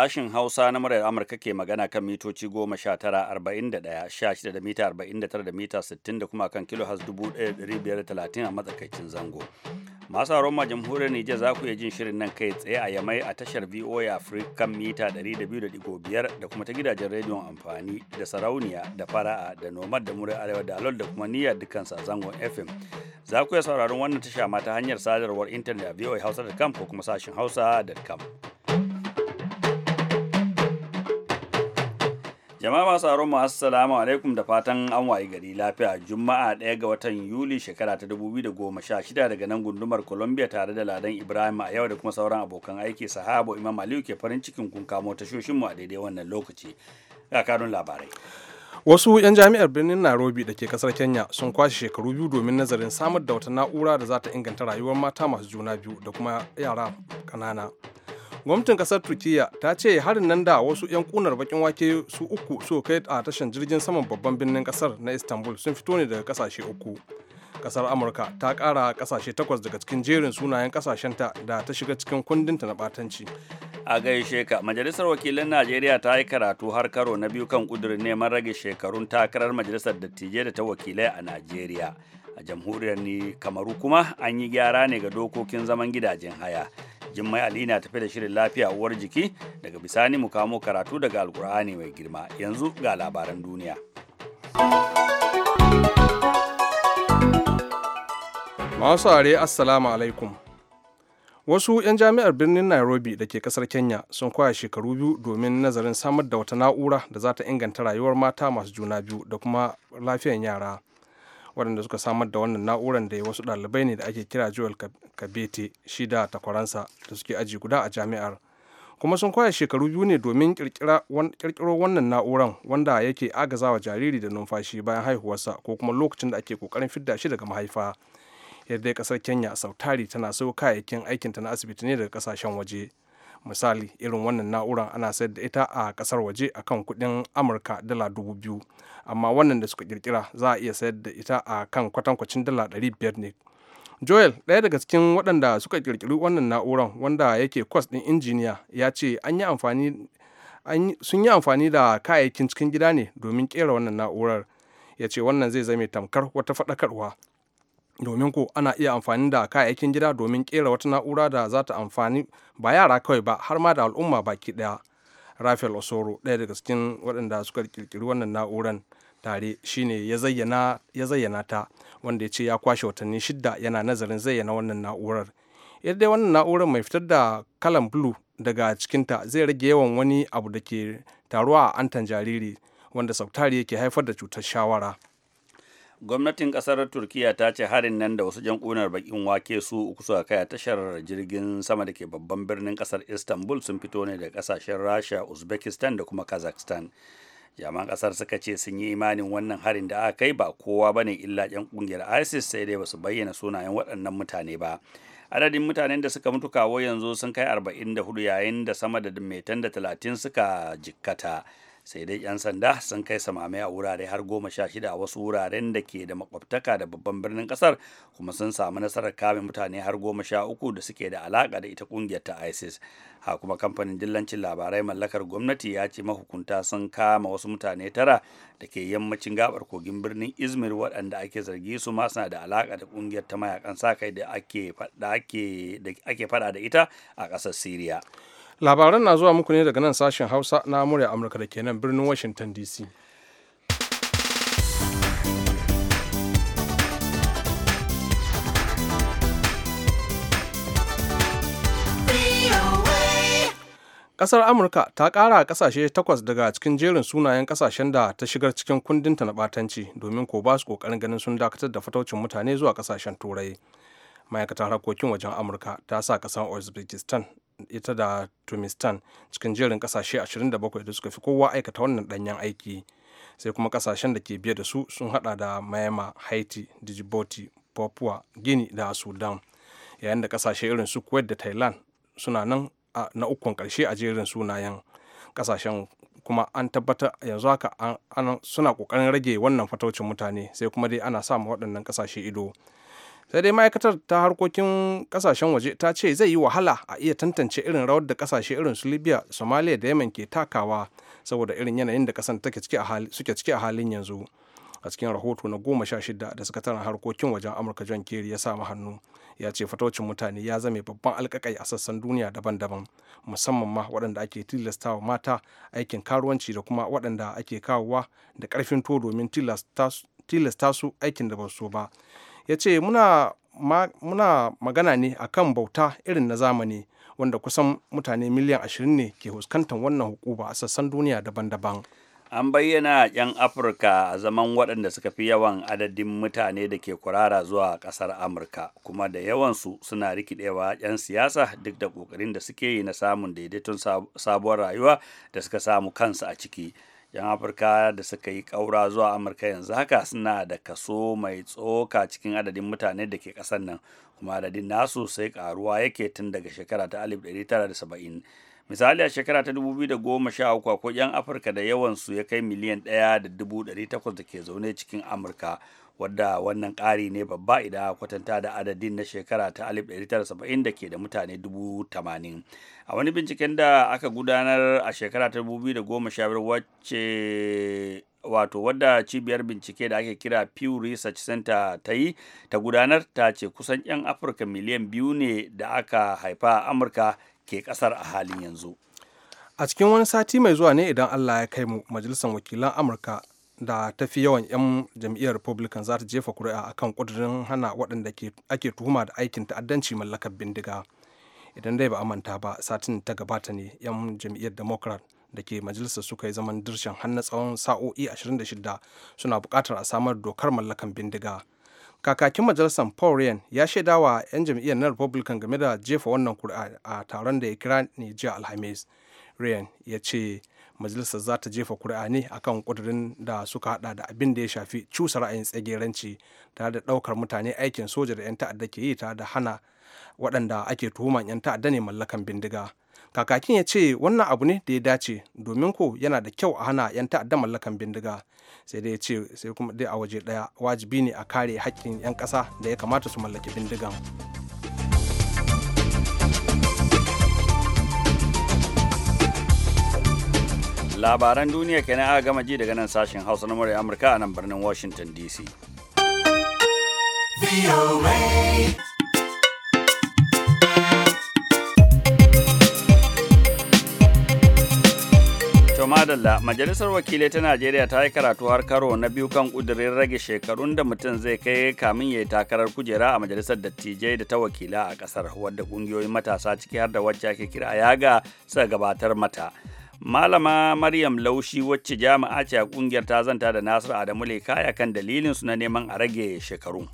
Sashin Hausa na muryar Amurka ke magana kan mitoci goma sha tara arba'in da ɗaya sha da mita arba'in da tara da mita sittin da kuma kan kilo has dubu ɗaya da ɗari biyar da talatin a matsakaicin zango. Masu haron ma jamhuriyar Nijar za ku iya jin shirin nan kai tsaye a yamai a tashar VOA Africa kan mita ɗari da da kuma ta gidajen rediyon amfani da sarauniya da fara'a da nomad da muryar arewa da alol da kuma niyyar dukansa a zangon FM. Za ku iya sauraron wannan tasha ma ta hanyar sadarwar intanet a voahausa.com ko kuma sashin hausa.com. Jama'a masu aron mu assalamu alaikum da fatan an wayi gari lafiya Juma'a ɗaya ga watan Yuli shekara ta 2016 daga nan gundumar Columbia tare da Ladan Ibrahim a yau da kuma sauran abokan aiki sahabo Imam Aliyu ke farin cikin kun kamo tashoshin mu a daidai wannan lokaci. Ga kanun labarai. Wasu 'yan jami'ar birnin Nairobi da ke kasar Kenya sun kwashe shekaru biyu domin nazarin samar da wata na'ura da za ta inganta rayuwar mata masu juna biyu da kuma yara kanana. gwamnatin kasar turkiyya ta ce harin nan da wasu 'yan kunar bakin wake su uku su kai a tashan jirgin saman babban birnin kasar na istanbul sun fito ne daga kasashe uku kasar amurka ta kara kasashe takwas daga cikin jerin sunayen ta da ta shiga cikin kundinta na batanci a gaishe ka majalisar wakilan najeriya ta yi karatu har karo na biyu kan kudurin neman rage shekarun takarar majalisar dattijai da ta wakilai a najeriya a jamhuriyar kamaru kuma an yi gyara ne ga dokokin zaman gidajen haya Jummai Ali na tafi da shirin lafiya uwar jiki daga bisani mu kamo karatu daga alkur'ani mai girma yanzu ga labaran duniya. Masu are assalamu alaikum. Wasu 'yan jami'ar birnin Nairobi da ke kasar Kenya sun kwaya shekaru biyu domin nazarin samar da wata na'ura da za ta inganta rayuwar mata masu juna biyu da kuma lafiyar yara. waɗanda suka samar da wannan na'urar da wasu ɗalibai ne da ake kira Joel kabete shi da takwaransa da suke aji guda a jami'ar kuma sun kwaya shekaru biyu ne domin kirkiro wannan na'uran wanda yake agazawa jariri da numfashi bayan haihuwarsa ko kuma lokacin da ake kokarin fidda shi daga mahaifa yadda kasar kenya sautari tana sayo kayayyakin aikin ta na asibiti ne daga kasashen waje misali irin wannan na'uran ana sayar da ita a kasar waje akan kudin amurka dala dubu biyu amma wannan da suka kirkira za a iya sayar da ita a kan kwatankwacin dala ɗari biyar ne joel ɗaya daga cikin waɗanda suka ƙirƙiri wannan na'urar wanda yake kwas ɗin injiniya ya ce sun yi amfani da kayayyakin cikin gida ne domin ƙera wannan na'urar ya ce wannan zai zame tamkar wata faɗakarwa domin ko ana iya amfani da kayayyakin gida domin ƙera wata na'ura da za ta amfani ba yara kawai ba har ma da al'umma baki ɗaya rafael osoro ɗaya daga cikin waɗanda suka ƙirƙiri wannan nauran. tare shine ya zayyana ta wanda ya ce ya kwashe watanni shidda yana nazarin zayyana wannan na'urar yadda wannan na'urar mai fitar da kalan blue daga cikinta zai rage yawan wani abu da ke taruwa a antan jariri wanda sautari yake haifar da cutar shawara gwamnatin kasar turkiya ta ce harin nan da wasu jankunar bakin wake su uku suka kai a tashar jirgin sama da ke babban birnin kasar istanbul sun fito ne da kasashen rasha uzbekistan da kuma kazakhstan jaman kasar suka ce sun yi imanin wannan harin da aka kai ba kowa ne illa 'yan kungiyar isis sai dai basu bayyana sunayen waɗannan mutane ba adadin mutanen da suka mutu kawo yanzu sun kai 44 yayin da sama da metan da 30 suka jikkata sai dai 'yan sanda sun kai samame a wurare har goma sha shida a wasu wuraren da ke da makwabtaka da babban birnin kasar kuma sun samu nasarar kame mutane har goma sha uku da suke da alaka da ita kungiyar ta isis ha kuma kamfanin dillancin labarai mallakar gwamnati ya ce mahukunta sun kama wasu mutane tara da ke yammacin gabar kogin birnin izmir waɗanda ake zargi su ma suna da alaka da kungiyar ta mayakan sa kai da ake fada da ita a ƙasar syria labaran na zuwa muku ne daga nan sashen hausa na murya amurka da ke birnin washington dc kasar amurka ta kara kasashe takwas daga cikin jerin sunayen kasashen da ta shigar cikin kundinta na batanci domin ko ba su kokarin ganin sun dakatar da fataucin mutane zuwa kasashen turai ma'aikatar harkokin wajen amurka ta sa kasar uzbekistan ita da tumistan cikin jerin kasashe 27 da suka fi kowa aikata wannan danyen aiki sai kuma kasashen da ke biye da su sun hada da mayama haiti djibouti papua guinea da sudan yayin da kasashe irin su kuwait da thailand suna nan na ukun karshe a jerin sunayen kasashen kuma an tabbatar yanzu haka suna kokarin rage wannan fataucin mutane sai kuma dai ana sa waɗannan kasashe ido sai dai ma'aikatar ta harkokin kasashen waje ta ce zai yi wahala a iya tantance irin rawar da kasashe irin su libya somalia da yemen ke takawa saboda irin yanayin da kasan take ciki a suke ciki a halin yanzu a cikin rahoto na goma sha shida da sakataren harkokin wajen amurka john kerry ya samu hannu ya ce fatocin mutane ya zame babban alkakai a sassan duniya daban-daban musamman ma waɗanda ake tilastawa mata aikin karuwanci da kuma waɗanda ake kawowa da ƙarfin to domin tilasta su aikin da ba su ba ya ce muna, muna magana ne a kan bauta irin na zamani wanda kusan mutane miliyan 20 ne ke huskantar wannan hukuma a sassan duniya daban-daban an bayyana 'yan afirka a zaman waɗanda suka fi yawan adadin mutane da ke kurara zuwa ƙasar amurka kuma da yawansu suna rikidewa 'yan siyasa duk da ƙoƙarin da suke yi na samun daidaiton sabuwar rayuwa da suka samu kansu a ciki 'yan afirka da suka yi ƙaura zuwa amurka yanzu haka suna da kaso mai tsoka cikin adadin mutane da ke ƙasar nan kuma adadin nasu sai ƙaruwa yake tun daga shekara ta 1970 misali a shekara ta 2013 akwai 'yan afirka da yawansu ya kai miliyan 1.800 da ke zaune cikin amurka wadda wannan ƙari ne babba idan kwatanta da adadin na shekara ta 1970 da ke da mutane 80,000 a wani binciken da aka gudanar a shekara ta 2015 wacce wato wadda cibiyar bincike da ake kira Pew Research Center ta yi ta gudanar ta ce kusan 'yan Afirka miliyan biyu ne da aka haifa a Amurka ke kasar a halin yanzu. A cikin wani sati mai zuwa ne idan Allah ya kai mu majalisar wakilan Amurka da ta fi yawan 'yan jam'iyyar republican za ta jefa kuri'a akan kudirin hana waɗanda ake tuhuma da aikin ta'addanci mallakar bindiga idan dai ba a manta ba satin ta gabata ne 'yan jam'iyyar democrat da ke majalisar suka yi zaman dirshan har na tsawon sa'o'i 26 suna buƙatar a samar dokar mallakan bindiga kakakin majalisar paul ryan ya shaida wa 'yan jam'iyyar na republican game da jefa wannan kuri'a a taron da ya kira ne jiya alhamis ryan ya ce majalisar za ta jefa kuri'a ne akan kudurin da suka hada da abin da ya shafi cusa ra'ayin tsageranci tare da daukar mutane aikin soja da 'yan ta'adda ke yi tare da hana waɗanda ake tuhuman 'yan ta'adda ne mallakan bindiga kakakin ya ce wannan abu ne da ya dace domin ko yana da kyau a hana 'yan ta'adda mallakan bindiga sai dai ya ce sai kuma dai a waje ɗaya wajibi ne a kare haƙƙin 'yan ƙasa da ya kamata su mallaki bindigan. labaran duniya kenan aka gama ji daga nan sashen hausa na murya amurka a nan birnin washington dc madalla majalisar wakilai ta najeriya ta yi karatu har karo na biyu kan kudirin rage shekarun da mutum zai kai kamin ya yi takarar kujera a majalisar dattijai da ta wakila a kasar wadda kungiyoyin matasa ciki har da wacce ake kira a yaga suka gabatar mata Malama Maryam Laushi wacce jami'a ce a kungiyar ta zanta da Nasiru Adamu Lekaya kan dalilin su na neman a rage shekaru.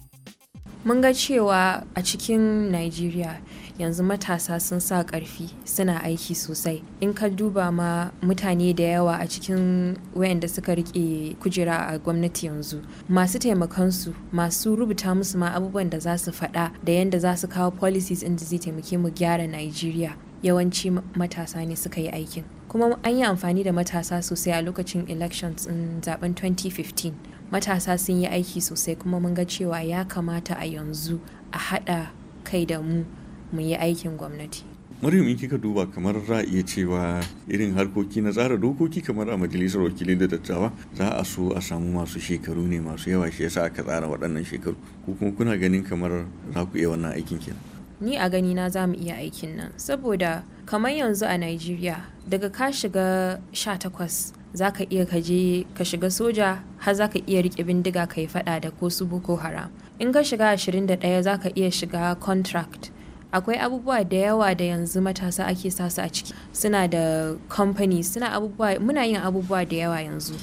Mun ga cewa a cikin Najeriya yanzu matasa sun sa ƙarfi suna aiki sosai. In ka duba ma mutane da yawa a cikin wayanda suka rike kujera a gwamnati yanzu. Masu taimakansu, masu rubuta musu ma abubuwan da za su faɗa da yanda za su kawo policies inda zai taimake mu gyara Najeriya. Yawanci matasa ne suka yi aikin. kuma an yi amfani da matasa sosai a lokacin elections in zaben 2015 matasa sun yi aiki sosai kuma mun ga cewa ya kamata a yanzu a haɗa kai da mu mu yi aikin gwamnati maryam in kika duba kamar za iya cewa irin harkoki na tsara dokoki kamar a majalisar wakili da dattawa za a so a samu masu shekaru ne masu yawa shi yasa aka tsara waɗannan shekaru ko kuma kuna ganin kamar za ku iya wannan aikin kenan ni a gani na za mu iya aikin nan saboda kamar yanzu a nigeria daga ka shiga 18 za ka iya ka ka shiga soja har za ka iya rike bindiga ka yi fada da ko su boko haram in ka shiga 21 za ka iya shiga contract akwai abubuwa da yawa da yanzu matasa ake sasu a ciki suna da company suna abubuwa muna yin abubuwa da yawa yanzu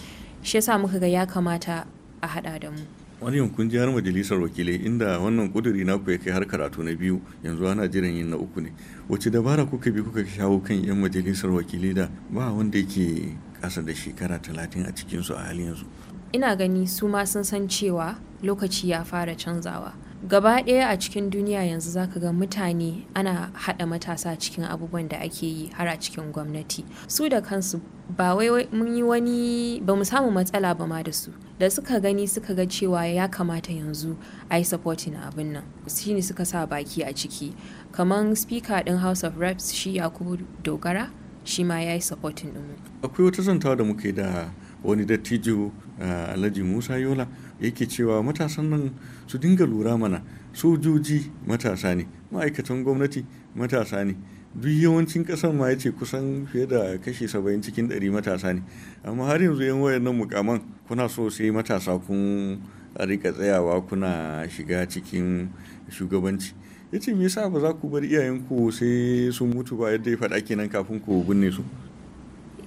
shi yasa muka ga ya kamata a hada da mu wani yankun jihar majalisar wakilai inda wannan kuduri naku ya kai har karatu na biyu yanzu ana jiran yin na uku ne wace dabara kuka bi kuka shawo kan yan majalisar wakilai da ba wanda yake kasa da shekara talatin a cikinsu a halin yanzu ina gani su ma sun san cewa lokaci ya fara canzawa gaba ɗaya a cikin duniya yanzu za ka ga mutane ana haɗa matasa cikin abubuwan da ake yi har a cikin gwamnati su da kansu ba wai mun yi wani ba mu samu matsala ba ma da su da suka gani suka ga cewa ya kamata yanzu a yi supporting abin nan shine suka sa baki a ciki kamar speaker ɗin house of reps shi yakubu dogara shi ma ya yi supporting ɗin akwai wata zanta da muke da wani dattijo eh, alhaji musa yola yake cewa matasan nan su dinga lura mana sojoji matasa ne ma'aikatan gwamnati matasa ne duk yawancin kasan ma ya ce kusan fiye da kashi saba'in cikin ɗari matasa ne amma har yanzu yan nan mukaman kuna so sai matasa kun rika tsayawa kuna shiga cikin shugabanci ya ce me yasa ba za ku bar iyayenku sai sun mutu ba yadda ya faɗa kenan kafin ku binne su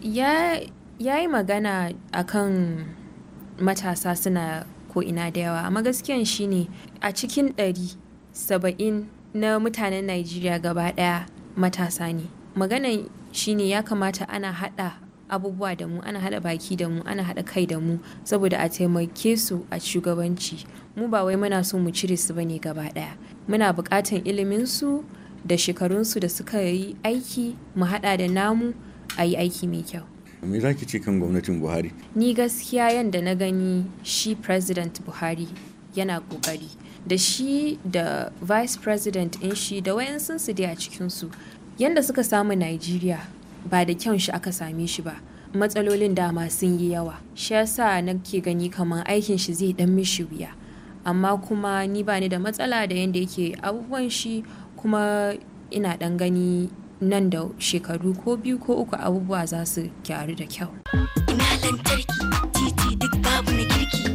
ya yi magana akan matasa suna ko ina da yawa amma gaskiyan shine a cikin ɗari saba'in na mutanen Najeriya gaba ɗaya matasa ne maganan shine ya kamata ana haɗa abubuwa da mu ana haɗa baki da mu ana haɗa kai da mu saboda a taimake su a shugabanci mu ba wai muna so mu cire su bane gaba ɗaya muna buƙatan ilimin su da shekarunsu da suka yi aiki mu haɗa da namu a yi aiki mai kyau me za ki ce kan gwamnatin buhari ni gaskiya yadda na gani shi president buhari yana kokari da shi da vice president in shi da wayansun su dai a cikinsu yadda suka samu nigeria ba da kyau shi aka same shi ba matsalolin dama sun yi yawa shi yasa nake gani kamar aikin shi zai dan mishi wuya amma kuma ni ba ni da matsala da yadda yake abubuwan shi kuma ina dan gani nan da shekaru ko biyu ko uku abubuwa za su gyaru da kyau. Ina lantarki titi duk babu na kirki,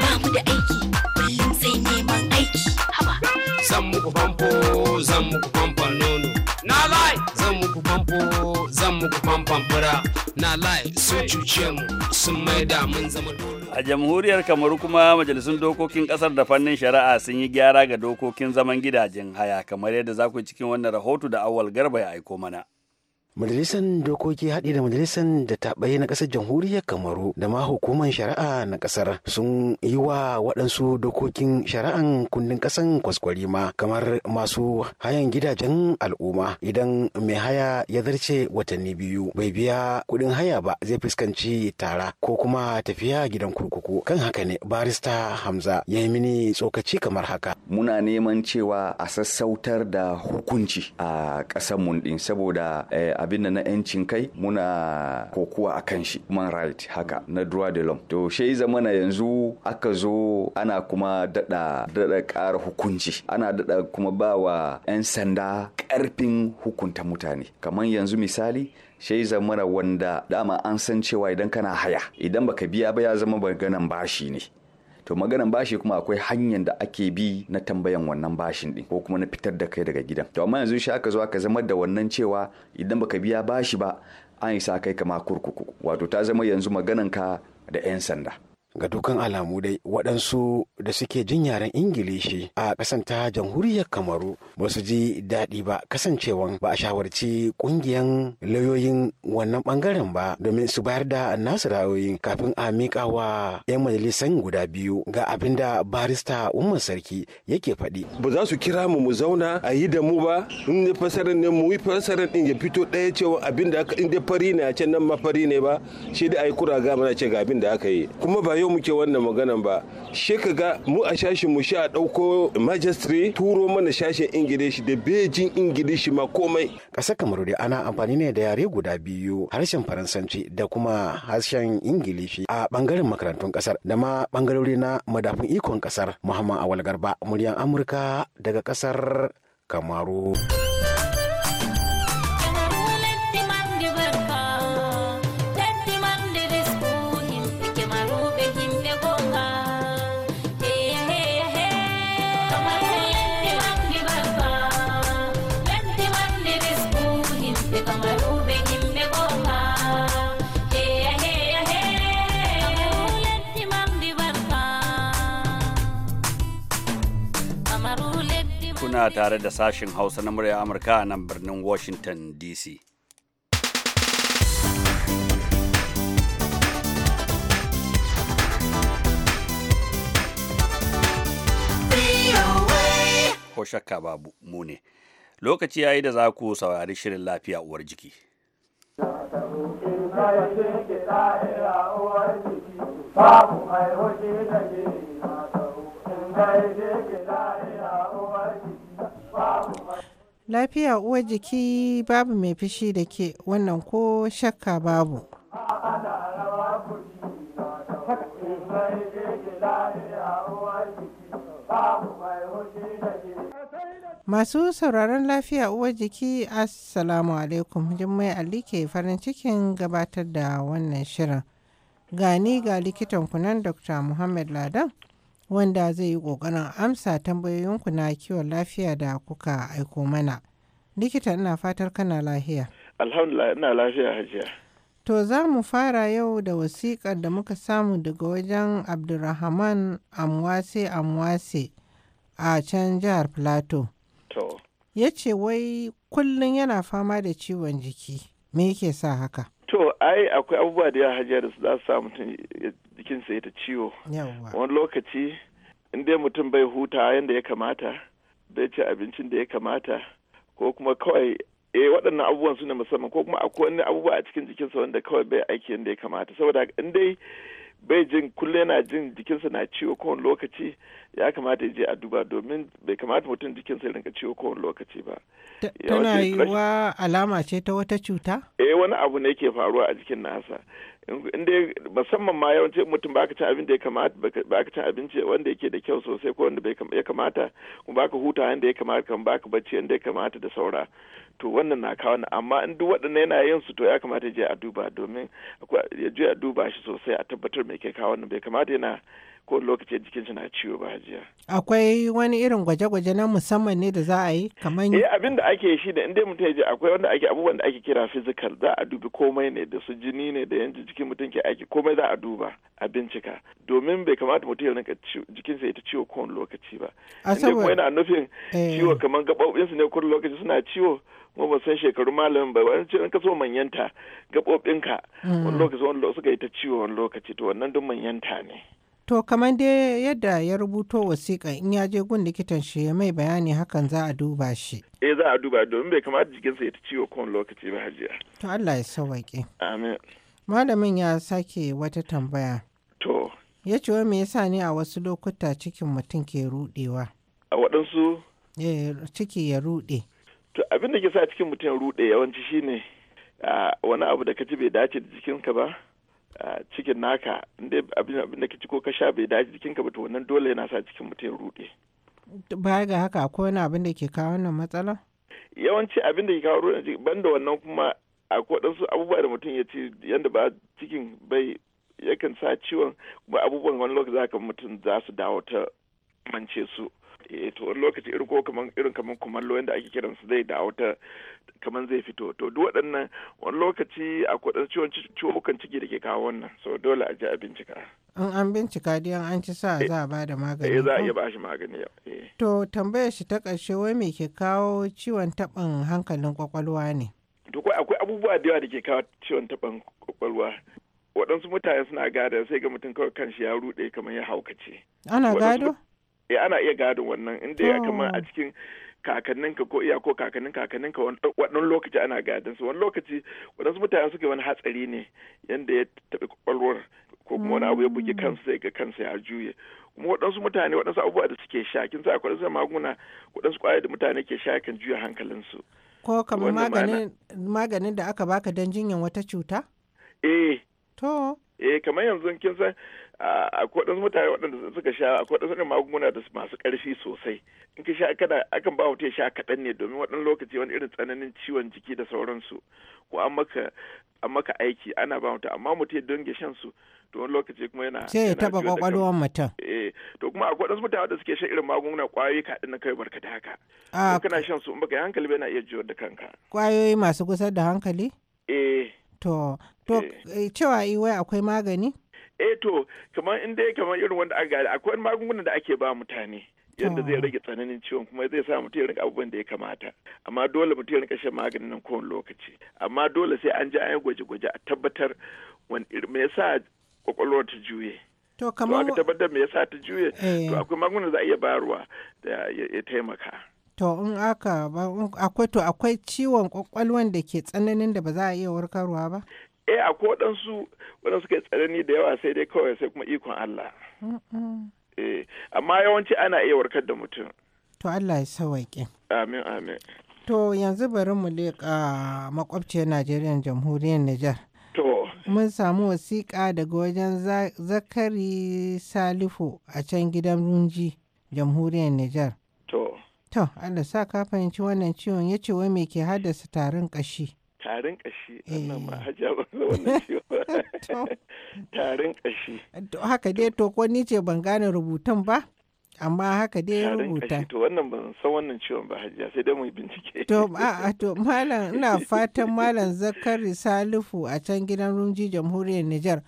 babu da aiki, kullum sai neman aiki. Haba. Zan muku famfo, zan muku famfon nono. Na lai, famfo zan muku famfan na lai su cuce mu sun da mun zama a jamhuriyar kamaru kuma majalisun dokokin kasar da fannin shari'a sun yi gyara ga dokokin zaman gidajen haya kamar yadda za ku cikin wannan rahoto da awal garba ya aiko mana majalisar dokoki haɗi da majalisar da ɓaye na ƙasar jamhuriyar kamaru da ma hukumar shari'a na ƙasar sun yi wa waɗansu dokokin shari'an kundin ƙasan ma kamar masu hayan gidajen al'umma idan mai haya ya zarce watanni biyu bai biya kuɗin haya ba zai fuskanci tara ko kuma tafiya gidan kurkuku kan haka ne barista hamza ya yi mini tsokaci kamar haka muna neman cewa a sassautar da hukunci a ƙasar mundin saboda eh, abin da na yancin kai muna kokuwa a kan shi human right haka na droit de l'homme to shi zamana yanzu aka zo ana kuma dada dada ƙara hukunci ana dada kuma ba wa 'yan sanda ƙarfin hukunta mutane kamar yanzu misali shai zamana wanda dama an san cewa idan kana haya idan baka biya ba ya zama maganan bashi ne to maganan bashi kuma akwai hanyar da ake bi na tambayan wannan bashin din ko kuma na fitar da kai daga gidan to amma yanzu shi aka zo aka zama da wannan cewa idan baka biya bashi ba an isa kai kama kurkuku wato ta zama yanzu maganan ka da 'yan sanda ga dukan alamu dai waɗansu da suke jin yaren ingilishi a ƙasan ta jamhuriyar kamaru ba su ji daɗi ba kasancewan ba a shawarci ƙungiyan lauyoyin wannan ɓangaren ba domin su bayar da nasu ra'ayoyin kafin a miƙa wa 'yan majalisan guda biyu ga abin da barista umar sarki yake faɗi. ba za su kira mu mu zauna a yi da mu ba in ne fasarar ne mu yi fasarar ɗin ya fito ɗaya cewa abin da aka in fari ne a can nan ma fari ne ba shi da a yi kuraga mana ce ga abin da aka yi kuma ba yau muke wannan maganan ba shi ka mu a shashin mu shi a dauko majistri turo mana shashin ingilishi da bejin ingilishi ma komai ƙasar kamaru dai ana amfani ne da yare guda biyu harshen faransanci da kuma harshen ingilishi a ɓangaren makarantun ƙasar da ma ɓangarori na madafin ikon ƙasar muhammad awal garba muryan amurka daga ƙasar kamaru. tare da sashen Hausa na murya Amurka a nan birnin Washington DC. Ko shakka babu mu ne. Lokaci ya yi da za ku saurari shirin lafiya uwar jiki. Babu mai lafiya uwar jiki. Lafiya uwar jiki babu mai fishi da ke wannan ko shakka babu. Masu sauraron lafiya uwar jiki Assalamu alaikum Jummai Ali ke farin cikin gabatar da wannan shirin. Gani ga likitan kunan Dr. Muhammad Ladan wanda zai yi ƙoƙarin amsa tambayoyinku na kiwon lafiya da kuka aiko mana. Likita ina fatar kana lafiya. Alhamdulillah ina lafiya hajiya. To za mu fara yau da wasiƙar da muka samu daga wajen Abdulrahman Amwase Amwase a can jihar Plateau. To. Ya ce wai kullum yana fama da ciwon jiki. Me yake sa haka? To, ai akwai abubuwa da ya hajiya da su za su sa mutum jikinsa ya ta ciwo. Wani lokaci, in dai mutum bai huta yadda ya kamata, bai ci abincin da ya kamata, ko kuma kawai eh waɗannan abubuwan su ne musamman ko kuma akwai wani abubuwa a cikin jikinsa wanda kawai bai aiki yadda ya kamata. Saboda in dai bai jin kullum yana jin jikinsa na ciwo kowane lokaci ya kamata ya je a duba domin bai kamata mutum jikinsa ya rinka ciwo kowane lokaci ba. Tana yi wa alama ce ta wata cuta? Eh wani abu ne ke faruwa a jikin nasa. dai musamman ma yawanci mutum baka cin abin da ya kamata baka cin abinci wanda yake da kyau sosai ko wanda ya kamata kuma baka huta yanda ya kamata kan baka bacci yanda ya kamata da saura to wannan na kawo amma in duk waɗannan yana yin su to ya kamata ya je a duba domin ya je a duba shi sosai a tabbatar me ke kawo wannan bai kamata yana ko lokacin jikin suna ciwo ba hajiya. Akwai wani irin gwaje-gwaje na musamman ne da za a yi kamar Eh abin da ake shi da inda mutum ya je akwai wanda ake abubuwan da ake kira physical za a dubi komai ne da su jini ne da yanzu jikin mutum ke aiki komai za a duba a bincika domin bai kamata mutum ya rinka jikinsa ya ta ciwo kowane lokaci ba. A saboda yana nufin eh. ciwo kamar gaɓoɓinsu ne kowane lokaci suna ciwo kuma ba san shekaru malamin ba wani in ka so manyanta gaɓoɓinka mm. wani lokaci wani suka yi ta ciwo wani lokaci to wannan duk manyanta ne. To kamar dai yadda ya rubuto wasiƙa in ya je gun likitan shi ya mai bayani hakan za a duba shi. Eh za a duba domin bai kamata jikinsa ya ta ciwo kowane lokaci ba hajiya. To Allah ya sauwaƙe. Amin. Malamin ya sake wata tambaya. To. Ya ce wa me yasa ne a wasu lokuta cikin mutum ke rudewa? A waɗansu? Eh ciki ya ruɗe. To abin da ke sa cikin mutum ya rude yawanci shine ah, wani abu da ka ci bai dace da jikinka ba. cikin naka inda abin da ka ci ko ka sha bai daji jikinka ba to wannan dole yana sa cikin mutum ya rude baya ga haka akwai wani abin da ke kawo wannan matsala yawanci abin da ke kawo ruɗe ban banda wannan kuma akwai waɗansu abubuwa da mutum ya ci yadda ba cikin bai yakan sa ciwon kuma abubuwan wani lokaci za ka mutum za su dawo ta mance su Eh, to wani lokaci irko kaman irin kaman kumallo yanda ake kiran su zai dawo ta kaman zai fito to duk waɗannan wani lokaci a ɗan ciwon ciwon ciki da ke kawo wannan so dole a ji a bincika in an bincika dai an ci sa eh, za a ba da magani eh za a iya ba shi magani yau eh. to tambayar shi ta ƙarshe wai me ke kawo ciwon taɓin hankalin kwakwalwa ne to akwai abubuwa da yawa da ke kawo ciwon taɓin kwakwalwa waɗansu mutane suna gada sai ga mutum kawai kanshi ya ruɗe kamar ya haukace. Ana gado? eh ana iya gadon wannan inda ya kama a cikin ka ko iya ko kakannin ka wannan lokaci ana gadon su wani lokaci wadansu mutane suke wani hatsari ne yanda ya taɓi kwalwar ko kuma wani abu ya buge mm. kansa sai ga kansa ya juye kuma waɗansu mutane waɗansu abubuwa da suke sha kin sa akwai waɗansu maguna waɗansu ƙwaya da mutane ke sha kan juya hankalin su. ko kamar maganin maganin da aka baka don jinyan wata cuta? eh to eh kamar yanzu kin san akwai wadansu mutane waɗanda suka sha akwai wadansu magunguna da masu ƙarfi sosai in ka sha kada akan ba mutum sha kaɗan ne domin waɗannan lokaci wani irin tsananin ciwon jiki da sauransu ko an maka an maka aiki ana ba mutum amma mutum don ya shan su to wani lokaci kuma yana sai ya taba kwakwalwar mutum eh to kuma akwai wadansu mutane da suke shan irin magunguna kwayoyi kaɗan na kai barka da haka ah, kana shan su in baka yi hankali ba yana iya jiwar da kanka kwayoyi masu kusa da hankali eh to to eh. Eh, cewa iwai akwai magani eh to kamar inda ya kamar irin wanda aka gari akwai magungunan da ake ba mutane yadda zai rage tsananin ciwon kuma zai sa mutum ya rika abubuwan da ya kamata amma dole mutum ya rika shan maganin nan kowane lokaci amma dole sai an ji an gwaje-gwaje a tabbatar wani me yasa kwakwalwar ta juye to kamar aka tabbatar me yasa ta juye to eh. akwai magungunan za a iya bayarwa da ya taimaka to in aka akwai to akwai ciwon kwakwalwan da ke tsananin da ba za a iya warkarwa ba eh a ko waɗansu waɗansu suka tsanani da yawa sai dai kawai sai kuma ikon Allah eh, amma yawanci ana iya warkar da mutum to Allah ya sawaƙe amin amin to yanzu bari mu leƙa makwabciyar Najeriya jamhuriyar Nijar to mun samu wasiƙa daga wajen Zakari Salifu a can gidan Runji jamhuriyar Nijar to to Allah sa ka fahimci wannan ciwon ya ce wai me ke haddasa tarin ƙashi tarin kashi eh. wannan ma hajjar ba wannan ciwo tarin kashi haka dai to ko ni ce ban gane rubutun ba amma haka dai ya rubuta. To wannan ban san wannan ciwon ba hajiya sai dai mu bincike. To a to malam ina fatan malam Zakari Salifu a can gidan Rumji Jamhuriyar Nijar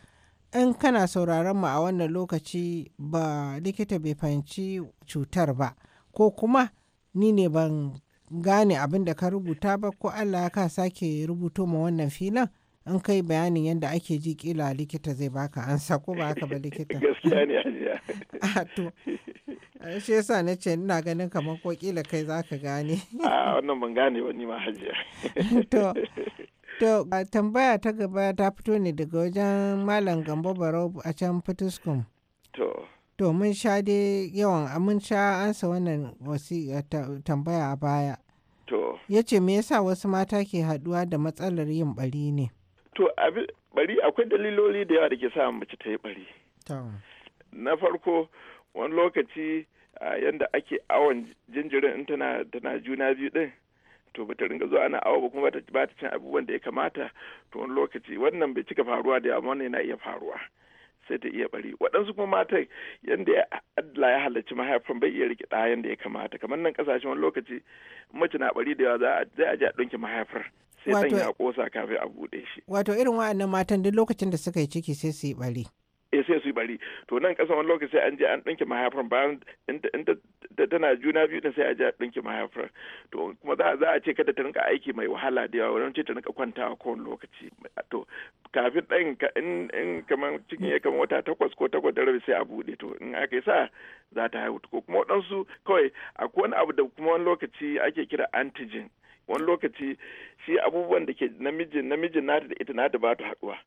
in kana sauraron mu a wannan lokaci ba likita bai fahimci cutar ba ko kuma ni ne ban gane abin da ka rubuta ba ko Allah ka sake rubuto ma wannan filan in kai bayanin yadda ake ji kila likita zai baka an ko ba haka ba likita gaskiya ne to shi yasa na ce ina ganin kamar ko kila kai za ka gane a wannan ban gane wani ma hajiya to to tambaya ta gaba ta fito ne daga wajen malam gambo barau a can fituskum to To mun sha dai yawan mun sha ansa wannan tambaya a baya. To. Ya ce me yasa wasu mata ke haɗuwa da matsalar yin bari ne? To bari akwai daliloli da yawa da ke sa mace ta yi bari. Na farko wani lokaci yadda ake awon jinjirin in tana tana juna biyu din to bata ringa zuwa ana awo ba kuma bata ba ta cin abubuwan da ya kamata to wani lokaci wannan bai cika faruwa da yawa wannan yana iya faruwa. sai ta iya bari waɗansu kuma mata yadda Allah ya halarci mahaifan bai iya rike ɗaya yadda ya kamata kamar nan ƙasashen wani lokaci mace na bari da yawa za a je a ɗinki mahaifar sai ɗan ya ƙosa kafin a buɗe shi. Wato irin wa'annan matan duk lokacin da suka yi ciki sai su yi bari. eh sai su yi bari to nan kasan wani lokaci an je an ɗinke mahaifar bayan inda tana juna biyu da sai a je a ɗinke mahaifar to kuma za a ce kada ta rinka aiki mai wahala da yawa wurin ce ta rinka kwantawa kowane lokaci to kafin ɗan in kamar cikin ya kamar wata takwas ko takwas da rabi sai a buɗe to in aka yi sa za ta haihu ko kuma waɗansu kawai akwai wani abu da kuma wani lokaci ake kira antigen wani lokaci shi abubuwan da ke namijin namijin nata da ita nata ba ta haɗuwa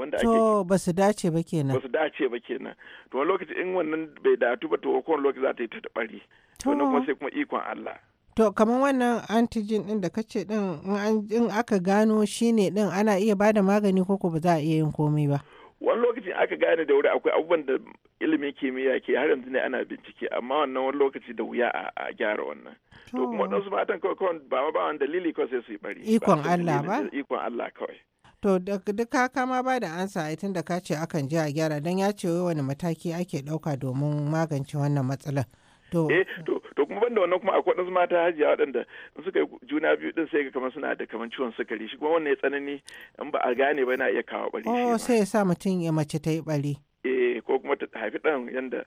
wanda ake to ba su dace ba kenan ba su dace ba kenan to wani lokaci in wannan bai datu ba to kowane lokaci za ta yi ta tabari to wannan kuma sai kuma ikon Allah to kamar wannan antigen din da kace din in aka gano shine din ana iya bada magani ko ko ba za a iya yin komai ba wani lokacin aka gane da wuri akwai abubuwan da ilimin kimiyya ke har yanzu ne ana bincike amma wannan wani lokaci da wuya a gyara wannan to kuma waɗansu matan kawai kawai ba ma ba wani dalili kawai sai su yi bari ikon Allah ba ikon Allah kawai To ka ma ba da ansa a tun da ka ce akan je a gyara don ya ce wani mataki ake ɗauka domin magance wannan matsalar. To, eh, to kuma banda wannan kuma akwai wasu mata hajiya waɗanda suka yi juna biyu din sai ga kamar suna da kamar ciwon sukari shi kuma wannan ya tsanani in ba a gane ba yana iya kawo bari. Oh sai ya sa mutum ya mace ta yi bari. Eh ko kuma ta haifi ɗan yanda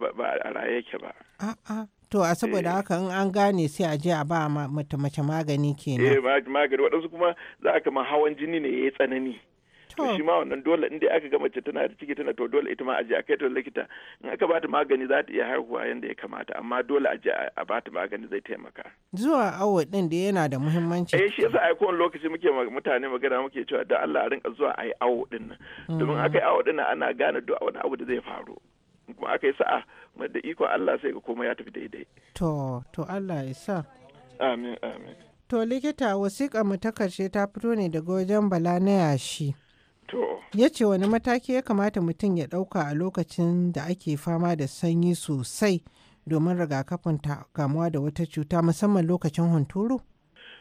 ba a raye yake ba. A'a To a saboda eh. haka in an gane sai a je a ba mata mace magani kenan. Eh magani waɗansu kuma za a kama hawan jini ne yayi tsanani. To shi ma wannan dole in dai aka ga mace tana da ciki tana to dole ita ma a je a kai ta likita in aka bata magani za ta iya haihuwa yanda ya kamata amma dole a je a bata magani zai taimaka. Zuwa awo din da yana da muhimmanci. Eh shi yasa a kowane lokaci muke mutane magana muke cewa da Allah a rinka zuwa a yi awo din nan. Mm. Domin aka yi awo din nan ana gane duk wani abu da zai faru. kuma aka yi sa'a mai da ikon Allah sai ga komai ya tafi daidai. To, to Allah ya sa. Amin, amin. To likita wasiƙa mu ta karshe ta fito ne daga wajen Bala na yashi. To. Ya ce wani mataki ya kamata mutum ya ɗauka a lokacin da ake fama da sanyi sosai domin rigakafin kamuwa da wata cuta musamman lokacin hunturu?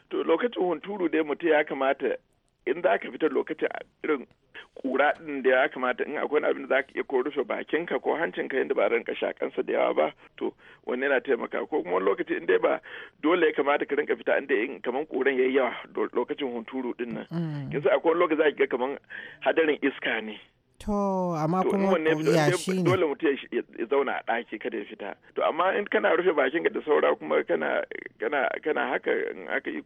To lokacin hunturu dai mutum ya kamata in za ka fitar lokacin irin kura din da ya kamata in akwai abin da zaka iya ko rufe ka ko hancin hancinka yadda ba rinka shakansa da yawa ba to wannan yana taimaka ko kuma lokaci in dai ba dole ya kamata ka rinka fita in dai kaman kuran yayi yawa lokacin hunturu din nan yanzu mm. akwai lokaci zaki ga kaman hadarin iska ne To, amma kuma ya shi ne. Dole mutum ya zauna a ɗaki kada ya fita. To, amma in kana rufe bakin ka da saura kuma kana kana kana haka yi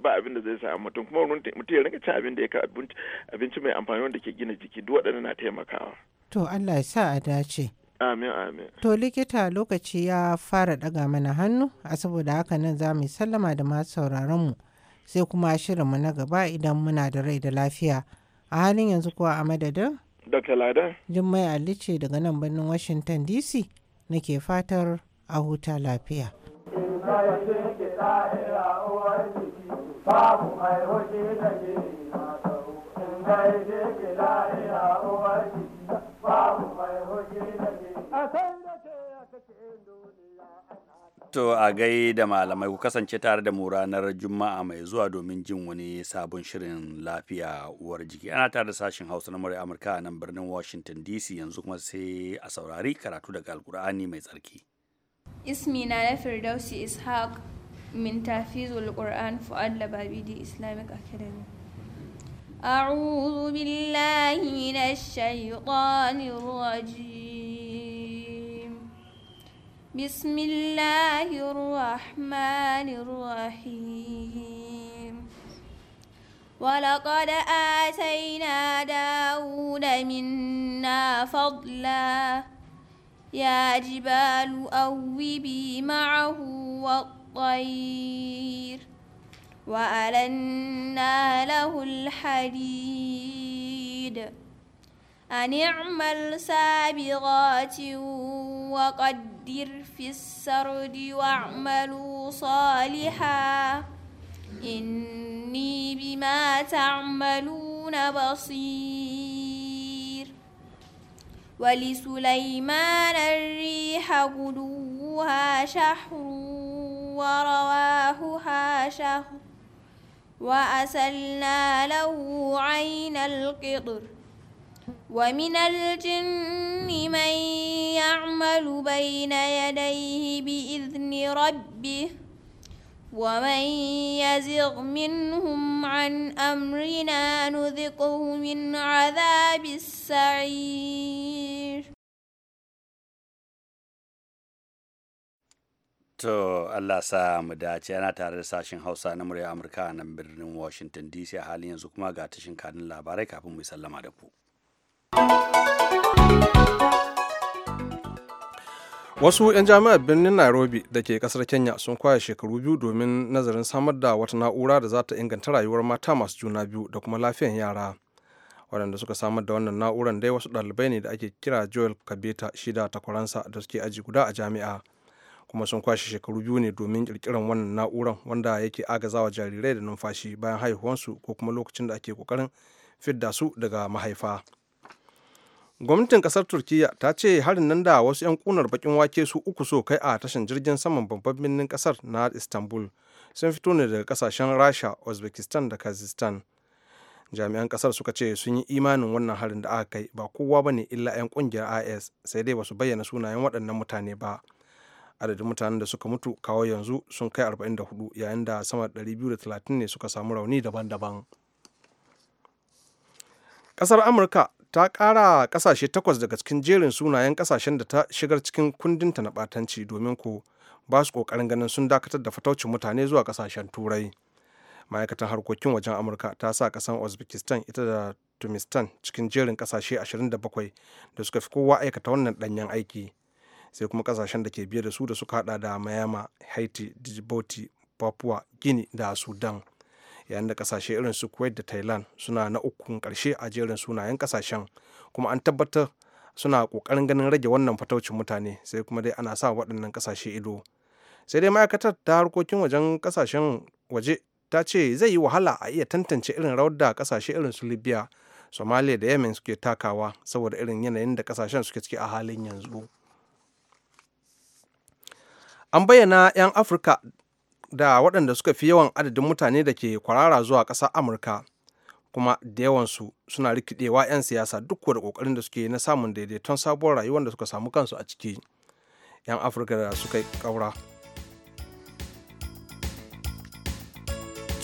ba abin da zai samu mutum kuma mutum ya rinka cin abin da ya ka abinci mai amfani wanda ke gina jiki duk waɗannan na taimakawa. To, Allah ya sa a dace. Amin, amin. To, likita lokaci ya fara ɗaga mana hannu, a saboda haka nan za mu sallama da masu mu Sai kuma shirinmu na gaba idan muna da rai da lafiya. A halin yanzu kuwa a madadin Dr. Ladan. Jummai alice daga nan birnin Washington DC nake fatar a huta lafiya. da To a gai da malamai ku kasance tare da mu ranar Juma'a mai zuwa domin jin wani sabon shirin lafiya uwar jiki. Ana tare da sashen Hausa na murya Amurka a nan birnin Washington DC yanzu kuma sai a saurari karatu daga Alkur'ani mai tsarki. Ismi na na Firdausi Ishaq min tafizul Qur'an Fuad da Islamic Academy. أعوذ بالله من الشيطان الرجيم بسم الله الرحمن الرحيم ولقد آتينا داود منا فضلا يا جبال أوبي معه والطير وألنا له الحديد أن اعمل سابغات وقدر في السرد واعملوا صالحا إني بما تعملون بصير ولسليمان الريح غدوها شهر ورواهها شهر وأسلنا له عين القطر ومن الجن من يعمل بين يديه بإذن ربه ومن يزغ منهم عن أمرنا نذقه من عذاب السعير To Allah sa mu dace ana tare da sashen Hausa na murya Amurka nan birnin Washington DC a halin yanzu kuma ga tashin kanin labarai kafin mu sallama da ku. wasu 'yan jami'ar birnin nairobi da ke kasar kenya sun kwaya shekaru biyu domin nazarin samar da wata na'ura da za ta inganta rayuwar mata masu juna biyu da kuma lafiyar yara waɗanda suka samar da wannan na'urar dai wasu ɗalibai ne da ake kira joel kabeta shida takwaransa da suke aji guda a jami'a kuma sun kwashe shekaru biyu ne domin ƙirƙirar wannan na'urar wanda yake agazawa jarirai da numfashi bayan haihuwansu ko kuma lokacin da ake ƙoƙarin fidda su daga mahaifa gwamnatin kasar turkiyya ta ce harin nan da wasu 'yan kunar bakin wake su uku so kai a tashin jirgin saman babban birnin kasar na istanbul sun fito ne daga kasashen rasha uzbekistan da kazakhstan jami'an kasar suka ce sun yi imanin wannan harin da aka kai ba kowa ba ne illa 'yan kungiyar is sai dai basu bayyana sunayen waɗannan mutane ba adadin mutanen da suka mutu kawo yanzu sun kai 44 yayin da sama da 230 ne suka samu rauni daban-daban kasar amurka ta kara kasashe takwas daga cikin jerin sunayen kasashen da ta shigar cikin kundinta na batanci domin ko ba su ƙoƙarin ganin sun dakatar da fataucin mutane zuwa ƙasashen turai ma'aikatan harkokin wajen amurka ta sa ƙasan uzbekistan ita da tumistan cikin jerin kasashe 27 da suka fi kowa aikata wannan ɗanyen aiki sai kuma kasashen da ke biye da su da suka hada da mayama haiti djibouti papua guinea da sudan yayin da kasashe irin su kuwait da thailand suna na ukun karshe a jerin sunayen kasashen kuma an tabbatar suna kokarin ganin rage wannan fataucin mutane sai kuma dai ana sa waɗannan kasashe ido sai dai ma'aikatar ta harkokin wajen kasashen waje ta ce zai yi wahala a iya tantance irin rawar da kasashe irin su libya somalia da yemen suke takawa saboda irin yanayin da kasashen suke ciki a halin yanzu an bayyana 'yan afirka da waɗanda suka fi yawan adadin mutane da ke kwarara zuwa ƙasar amurka kuma da yawansu suna rikidewa 'yan siyasa duk da ƙoƙarin da suke na samun daidaiton sabuwar rayuwar da suka samu kansu a ciki 'yan afirka da suka ƙaura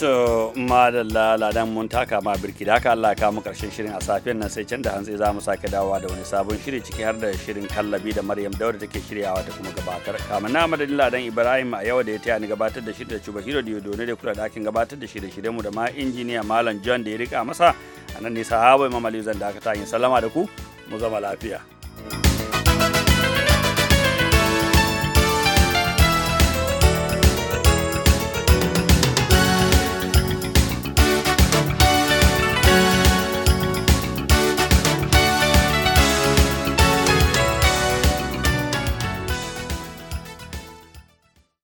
To madalla ladan mun taka ma birki da haka Allah ya mu karshen shirin a safiyan nan sai can da hantsi za mu sake dawowa da wani sabon shiri ciki har da shirin kallabi da Maryam Dauda take shiryawa ta kuma gabatar. Kamar na madadin ladan Ibrahim a yau da ya taya ni gabatar da shi da Cuba Hiro Dio ne da kula da akin gabatar da shirye shirye mu da ma injiniya Malam John da ya rika masa a nan ne sahaba Imam Ali zan da aka ta yin sallama da ku mu zama lafiya.